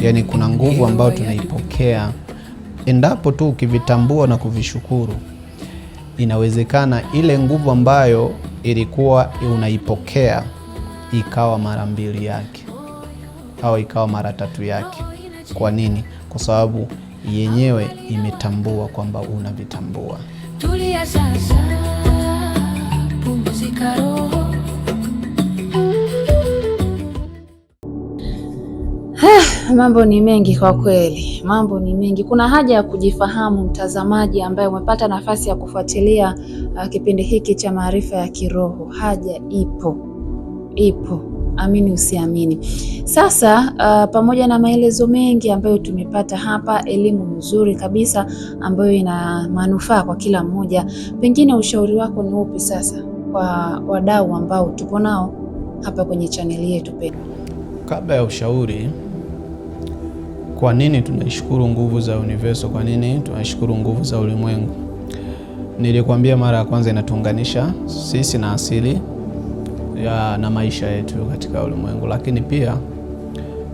yani kuna nguvu ambayo tunaipokea endapo tu ukivitambua na kuvishukuru, inawezekana ile nguvu ambayo ilikuwa unaipokea ikawa mara mbili yake au ikawa mara tatu yake. Kwa nini? Kwa sababu yenyewe imetambua kwamba unavitambua. Tulia sasa, pumzika roho. Mambo ni mengi kwa kweli, mambo ni mengi. Kuna haja ya kujifahamu, mtazamaji ambaye umepata nafasi ya kufuatilia uh, kipindi hiki cha maarifa ya kiroho. Haja ipo, ipo, amini usiamini. Sasa uh, pamoja na maelezo mengi ambayo tumepata hapa, elimu nzuri kabisa ambayo ina manufaa kwa kila mmoja, pengine ushauri wako ni upi sasa kwa wadau ambao tupo nao hapa kwenye chaneli yetu pendwa? Kabla ya ushauri kwa nini tunashukuru nguvu za universo? Kwa nini tunashukuru nguvu za ulimwengu? Nilikwambia mara ya kwanza, inatuunganisha sisi na asili ya, na maisha yetu katika ulimwengu, lakini pia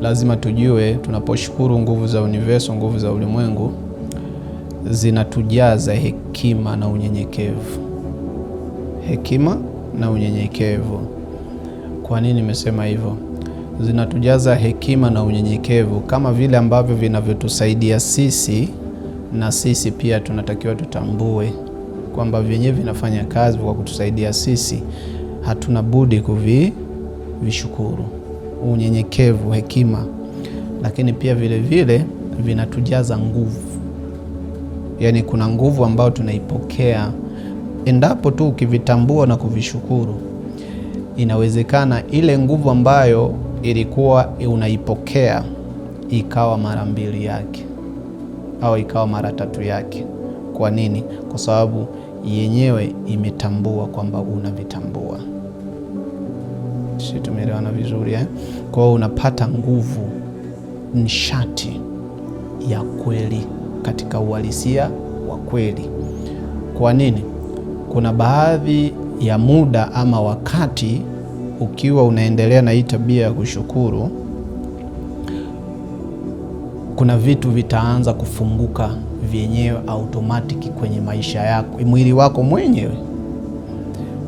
lazima tujue tunaposhukuru nguvu za universo, nguvu za ulimwengu zinatujaza hekima na unyenyekevu, hekima na unyenyekevu. Kwa nini nimesema hivyo? zinatujaza hekima na unyenyekevu kama vile ambavyo vinavyotusaidia sisi, na sisi pia tunatakiwa tutambue kwamba vyenyewe vinafanya kazi kwa kutusaidia sisi, hatuna budi kuvishukuru. Unyenyekevu, hekima, lakini pia vile vile vinatujaza nguvu, yaani kuna nguvu ambayo tunaipokea endapo tu ukivitambua na kuvishukuru, inawezekana ile nguvu ambayo ilikuwa unaipokea ikawa mara mbili yake au ikawa mara tatu yake. Kwa nini? Kwa sababu yenyewe imetambua kwamba unavitambua. Si tumeelewana vizuri eh? Kwa hiyo unapata nguvu, nishati ya kweli katika uhalisia wa kweli. Kwa nini? Kuna baadhi ya muda ama wakati ukiwa unaendelea na hii tabia ya kushukuru, kuna vitu vitaanza kufunguka vyenyewe automatic kwenye maisha yako, mwili wako mwenyewe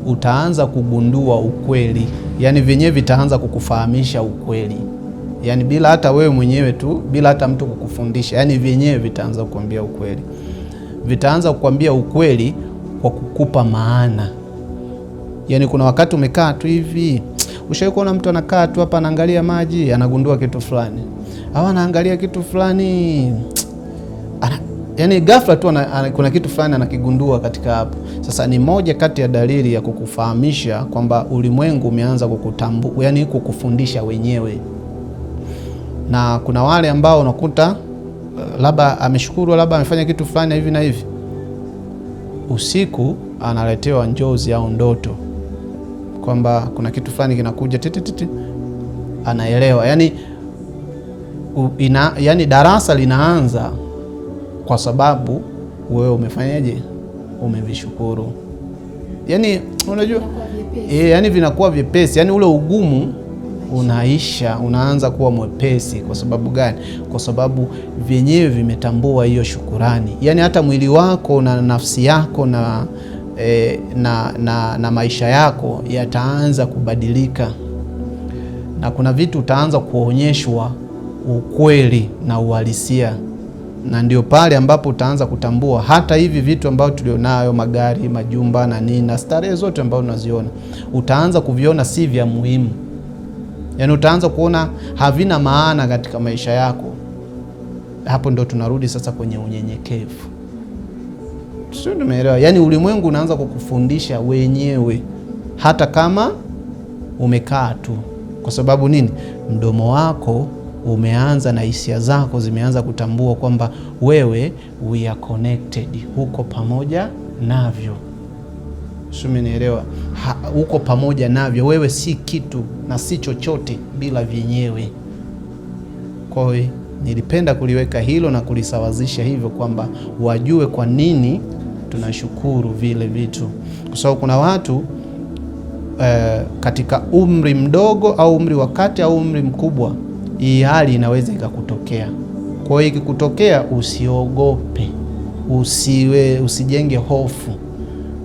utaanza kugundua ukweli, yani vyenyewe vitaanza kukufahamisha ukweli, yaani bila hata wewe mwenyewe tu, bila hata mtu kukufundisha, yaani vyenyewe vitaanza kukwambia ukweli, vitaanza kukuambia ukweli kwa kukupa maana Yani kuna wakati umekaa tu hivi, ushawahi kuona mtu anakaa tu hapa anaangalia maji anagundua kitu fulani, au anaangalia kitu fulani ana, yani ghafla tu ana, ana, kuna kitu fulani anakigundua katika hapo. Sasa ni moja kati ya dalili ya kukufahamisha kwamba ulimwengu umeanza kukutambua, yani kukufundisha wenyewe. Na kuna wale ambao unakuta eh, labda ameshukuru, labda amefanya kitu fulani hivi na hivi, usiku analetewa njozi au ndoto kwamba kuna kitu fulani kinakuja tititi, anaelewa yani, ina, yani darasa linaanza kwa sababu wewe umefanyaje, umevishukuru. Yani unajua e, yani vinakuwa vyepesi, eh, yani yaani ule ugumu unaisha, unaanza kuwa mwepesi. Kwa sababu gani? Kwa sababu vyenyewe vimetambua hiyo shukurani. Yani hata mwili wako na nafsi yako na e, na, na, na maisha yako yataanza kubadilika, na kuna vitu utaanza kuonyeshwa ukweli na uhalisia, na ndio pale ambapo utaanza kutambua hata hivi vitu ambavyo tulionayo, magari, majumba na nini na starehe zote ambazo unaziona, utaanza kuviona si vya muhimu, yaani utaanza kuona havina maana katika maisha yako. Hapo ndo tunarudi sasa kwenye unyenyekevu sio, nimeelewa. Yaani ulimwengu unaanza kukufundisha wenyewe, hata kama umekaa tu. Kwa sababu nini? Mdomo wako umeanza na hisia zako zimeanza kutambua kwamba wewe we are connected, huko pamoja navyo. Sio, umenielewa? Huko pamoja navyo, wewe si kitu na si chochote bila vyenyewe. Kwa hiyo nilipenda kuliweka hilo na kulisawazisha hivyo kwamba wajue kwa nini tunashukuru vile vitu, kwa sababu kuna watu eh, katika umri mdogo au umri wa kati au umri mkubwa, hii hali inaweza ikakutokea. Kwa hiyo ikikutokea, usiogope, usiwe usijenge hofu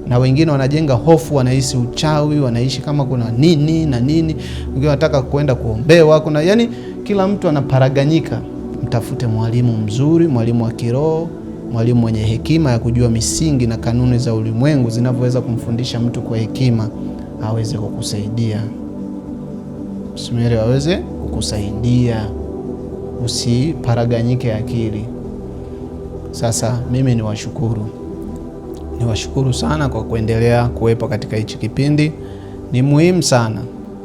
na wengine wanajenga hofu, wanahisi uchawi, wanaishi kama kuna nini na nini, wengine wanataka kwenda kuombewa, kuna yani, kila mtu anaparaganyika. Mtafute mwalimu mzuri, mwalimu wa kiroho mwalimu mwenye hekima ya kujua misingi na kanuni za ulimwengu zinavyoweza kumfundisha mtu kwa hekima aweze kukusaidia. Msumeri aweze kukusaidia, usiparaganyike akili. Sasa mimi niwashukuru, niwashukuru sana kwa kuendelea kuwepo katika hichi kipindi. Ni muhimu sana,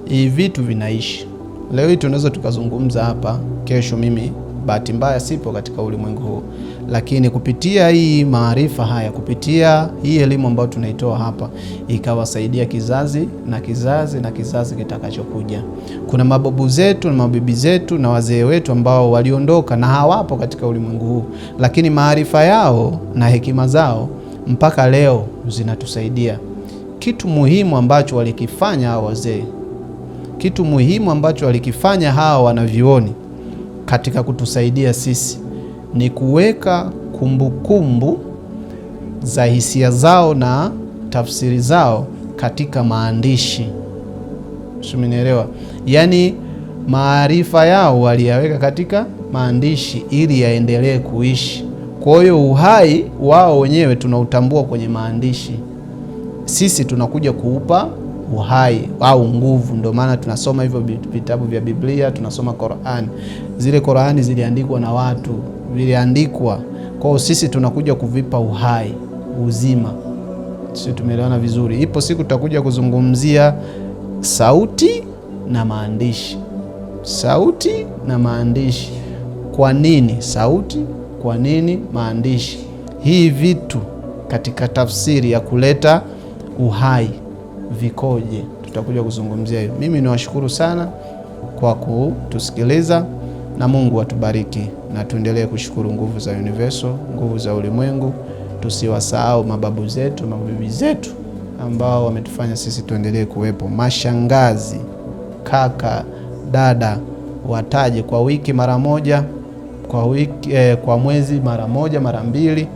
hii vitu vinaishi. Leo hii tunaweza tukazungumza hapa, kesho mimi bahati mbaya sipo katika ulimwengu huu, lakini kupitia hii maarifa haya, kupitia hii elimu ambayo tunaitoa hapa, ikawasaidia kizazi na kizazi na kizazi kitakachokuja. Kuna mababu zetu na mabibi zetu na wazee wetu ambao waliondoka na hawapo katika ulimwengu huu, lakini maarifa yao na hekima zao mpaka leo zinatusaidia. Kitu muhimu ambacho walikifanya hawa wazee, kitu muhimu ambacho walikifanya hawa wanavyuoni katika kutusaidia sisi ni kuweka kumbukumbu za hisia zao na tafsiri zao katika maandishi. Simenielewa? Yaani maarifa yao waliyaweka katika maandishi ili yaendelee kuishi. Kwa hiyo uhai wao wenyewe tunautambua kwenye maandishi, sisi tunakuja kuupa uhai au nguvu. Ndio maana tunasoma hivyo vitabu vya Biblia, tunasoma Qur'an. Zile Qur'ani ziliandikwa na watu viliandikwa kwao, sisi tunakuja kuvipa uhai uzima. Sisi tumeelewana vizuri. Ipo siku tutakuja kuzungumzia sauti na maandishi, sauti na maandishi. Kwa nini sauti? Kwa nini maandishi? Hii vitu katika tafsiri ya kuleta uhai vikoje? Tutakuja kuzungumzia hiyo. Mimi niwashukuru sana kwa kutusikiliza na Mungu atubariki na tuendelee kushukuru nguvu za universal, nguvu za ulimwengu. Tusiwasahau mababu zetu, mabibi zetu ambao wametufanya sisi tuendelee kuwepo, mashangazi, kaka, dada, wataje kwa wiki mara moja kwa wiki, eh, kwa mwezi mara moja mara mbili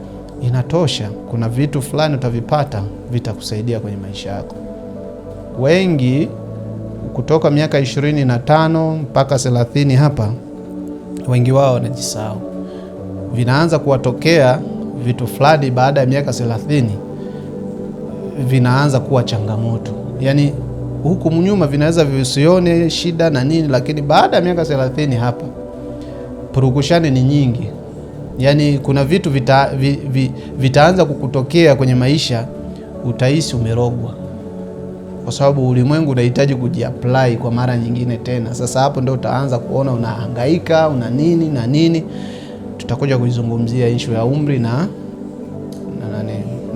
inatosha. Kuna vitu fulani utavipata vitakusaidia kwenye maisha yako. Wengi kutoka miaka ishirini na tano mpaka thelathini hapa wengi wao wanajisahau. Vinaanza kuwatokea vitu fulani baada ya miaka thelathini, vinaanza kuwa changamoto. Yaani huku mnyuma vinaweza visione shida na nini, lakini baada ya miaka thelathini hapa purukushani ni nyingi. Yaani kuna vitu vita, vi, vi, vitaanza kukutokea kwenye maisha, utahisi umerogwa kwa sababu ulimwengu unahitaji kujiapply kwa mara nyingine tena. Sasa hapo ndio utaanza kuona unahangaika una nini na nini. Tutakuja kuizungumzia ishu ya umri na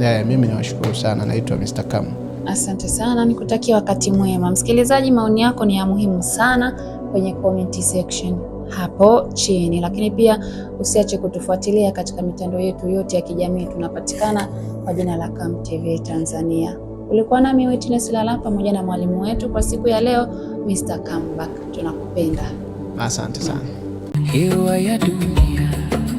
Yeah, mimi niwashukuru sana. Naitwa Mr. Kam. Asante sana, nikutakia wakati mwema. Msikilizaji, maoni yako ni ya muhimu sana kwenye comment section hapo chini, lakini pia usiache kutufuatilia katika mitandao yetu yote ya kijamii. Tunapatikana kwa jina la Kam TV Tanzania. Ulikuwa nami Witness Lala pamoja na mwalimu wetu kwa siku ya leo Mr. Comeback. Tunakupenda, asante sana. Hewa ya dunia